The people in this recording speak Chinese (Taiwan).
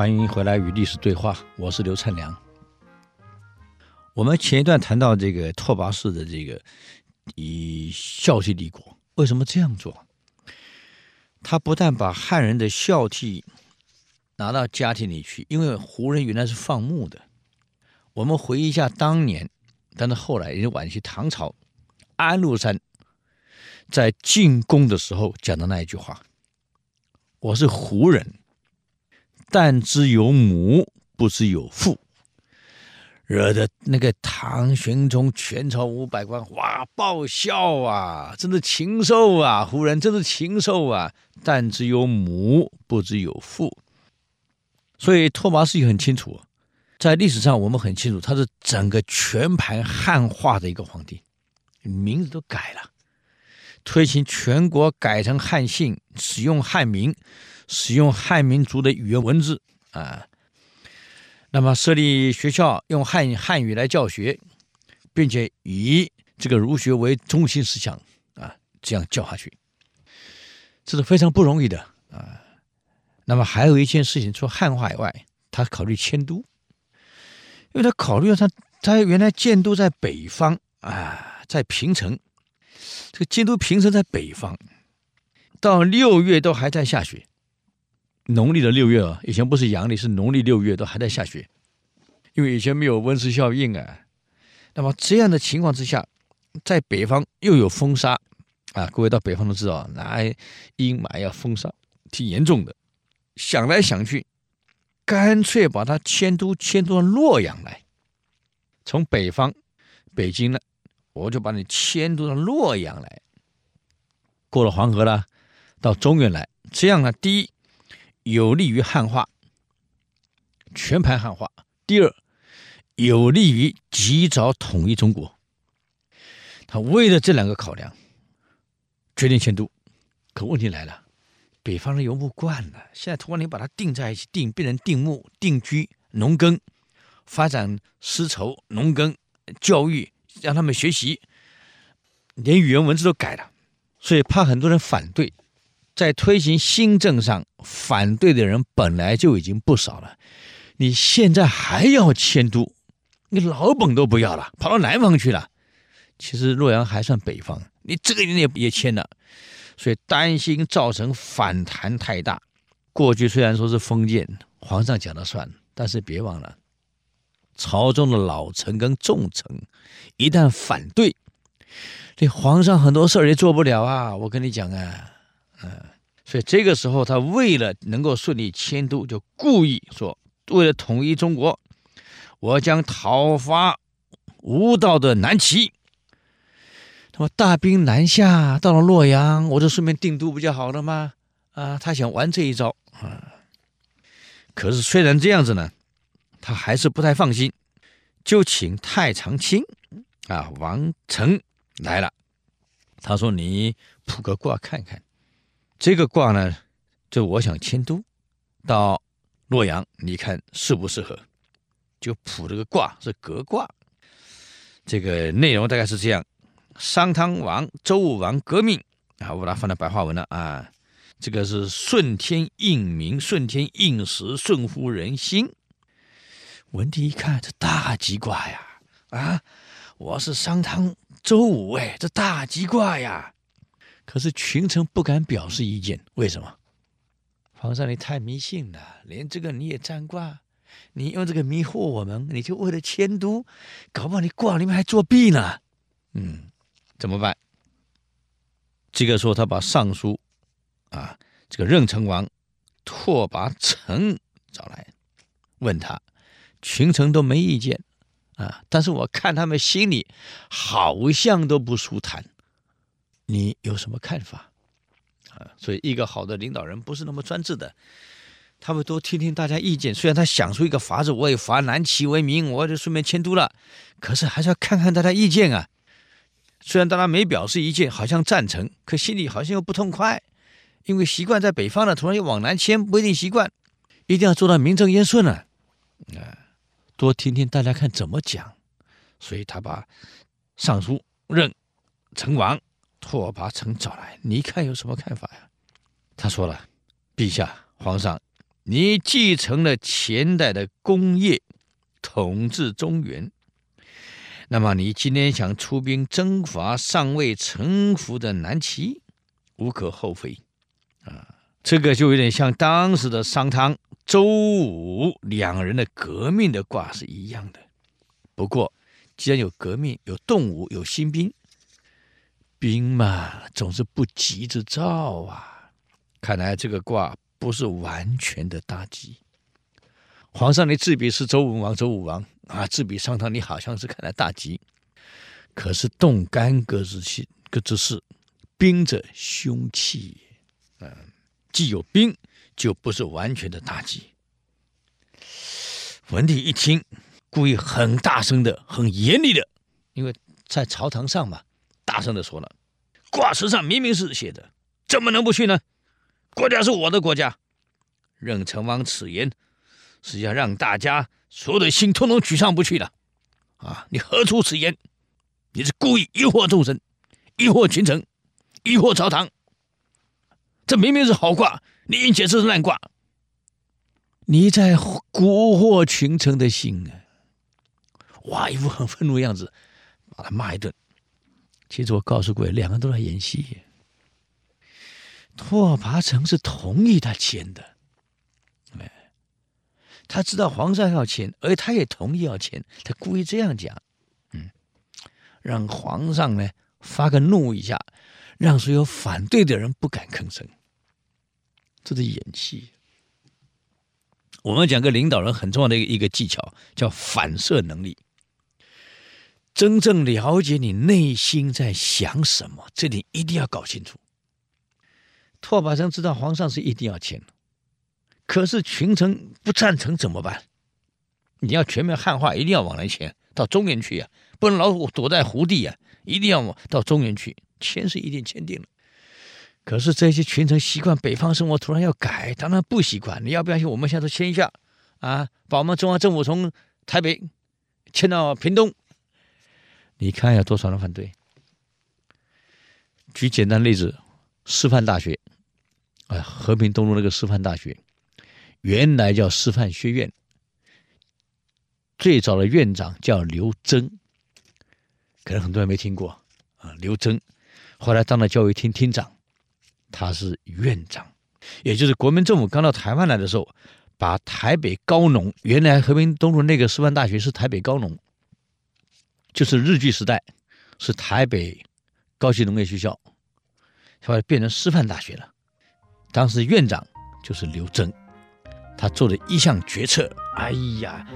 歡迎回來與歷史對話，我是劉燦樑。我們前一段談到這個拓跋氏的這個以孝悌立國，為什麼這樣做？他不但把漢人的孝悌拿到家庭裡去，因為胡人原來是放牧的。我們回憶一下當年，但是後來人家晚期唐朝安祿山在進宮的時候講的那一句話：“我是胡人。”但知有母，不知有父，惹得那個唐玄宗全朝五百官哇，爆笑啊！真是禽獸啊！胡人真是禽獸啊！但知有母，不知有父。所以拓跋氏也很清楚，在歷史上我們很清楚，他是整個全盤漢化的一個皇帝，名字都改了。推行全國改成漢姓，使用漢名，使用漢民族的語言文字啊。那麼設立學校，用漢漢語來教學，並且以這個儒學為中心思想啊，這樣教下去，這是非常不容易的啊。那麼還有一件事情，除漢化以外，他考慮遷都，因為他考慮到他他原來建都在北方啊，在平城。這個京都平城在北方，到六月都還在下雪，農曆的六月啊、哦，以前不是陽曆是農曆六月都還在下雪，因為以前沒有溫室效應啊。那麼這樣的情況之下，在北方又有風沙，啊，各位到北方都知道，那陰霾啊風沙挺嚴重的。想來想去，乾脆把它遷都遷都到洛陽來，從北方北京呢。我就把你遷都到洛陽來，過了黃河了，到中原來。這樣呢，第一有利於漢化，全盤漢化；第二有利於及早統一中國。他為了這兩個考量，決定遷都。可問題來了，北方的游牧慣了，現在突然你把它定在一起，定變成定牧、定居、農耕、發展絲綢、農耕、教育。讓他們學習，連語言文字都改了，所以怕很多人反對。在推行新政上，反對的人本來就已經不少了，你現在還要遷都，你老本都不要了，跑到南方去了。其實洛陽還算北方，你這個你也也遷了，所以擔心造成反彈太大。過去雖然說是封建，皇上講了算，但是別忘了。朝中的老臣跟重臣，一旦反對，這皇上很多事兒也做不了啊！我跟你講啊，嗯，所以這個時候他為了能夠順利遷都，就故意說，為了統一中國，我將討伐無道的南齊，那麼大兵南下，到了洛陽，我就順便定都不就好了嗎？啊，他想玩這一招啊，嗯，可是雖然這樣子呢。他還是不太放心，就請太常卿啊王成來了。他說：“你卜個卦看看，這個卦呢，就我想遷都到洛陽，你看適不適合？”就卜這個卦是革卦，這個內容大概是這樣：商湯王、周武王革命啊，我把它放在白話文了啊。這個是順天應民，順天應時，順乎人心。文帝一看，這大吉卦呀！啊，我是商湯、周武，哎，這大吉卦呀！可是群臣不敢表示意見，為什麼？皇上，你太迷信了，連這個你也占卦，你用這個迷惑我們，你就為了遷都，搞不好你卦裡面還作弊呢。嗯，怎麼辦？這個時候他把尚書啊，這個任城王拓跋澄找來，問他。群臣都沒意見，啊，但是我看他們心裡好像都不舒坦。你有什麼看法？啊，所以一個好的領導人不是那麼專制的，他們多聽聽大家意見。雖然他想出一個法子，我以伐南齊為名，我就順便遷都了，可是還是要看看大家意見啊。雖然大家沒表示意見，好像贊成，可心裡好像又不痛快，因為習慣在北方的同樣又往南遷，不一定習慣。一定要做到名正言順呢、啊。啊。多聽聽大家看怎麼講，所以他把尚書任城王拓跋澄找來，你看有什麼看法呀、啊？他說了：“陛下、皇上，你繼承了前代的功業，統治中原，那麼你今天想出兵征伐尚未臣服的南齊，無可厚非啊。這個就有點像當時的商湯。”周武兩人的革命的卦是一樣的，不過既然有革命，有動武，有新兵，兵嘛總是不吉之兆啊！看來這個卦不是完全的大吉。皇上你自比是周文王，周武王啊，自比商湯，你好像是看來大吉，可是動干戈之氣，戈之事，兵者兇器也。嗯、啊，既有兵，就不是完全的打擊。文帝一聽，故意很大聲的、很嚴厲的，因為在朝堂上嘛，大聲的說了：“卦辭上明明是寫的，怎麼能不去呢？國家是我的國家。任城王此言是要讓大家所有的心通通沮喪不去了啊！你何出此言？你是故意疑惑眾生，疑惑群臣，疑惑朝堂。這明明是好卦。”你簡直是爛卦。你在蠱惑群臣的心啊！哇，一副很憤怒的樣子，把他罵一頓。其實我告訴各位，兩個人都在演戲啊。拓跋澄是同意他遷的，他知道皇上要遷，而且他也同意要遷，他故意這樣講，嗯，讓皇上呢發個怒一下，讓所有反對的人不敢吭聲。這是演戲。我們講個領導人很重要的一個技巧，叫反射能力。真正了解你內心在想什麼，這點一定要搞清楚。拓跋澄知道皇上是一定要遷的，可是群臣不贊成怎麼辦？你要全面漢化，一定要往南遷到中原去呀、啊，不能老虎躲在胡地呀、啊，一定要往到中原去。遷是一定遷定的。可是這些群臣習慣北方生活，突然要改，當然不習慣。你要不相信，我們現在都遷一下，啊，把我們中央政府從台北遷到屏東，你看有多少人反對？舉簡單的例子，師範大學，啊，和平東路那個師範大學，原來叫師範學院，最早的院長叫劉真，可能很多人沒聽過啊，劉真，後來當了教育廳廳，廳長。他是院長，也就是國民政府剛到台灣來的時候，把台北高農，原來和平東路那個師範大學是台北高農，就是日據時代是台北高級農業學校，後來變成師範大學了。當時院長就是劉真，他做了一項決策，哎呀。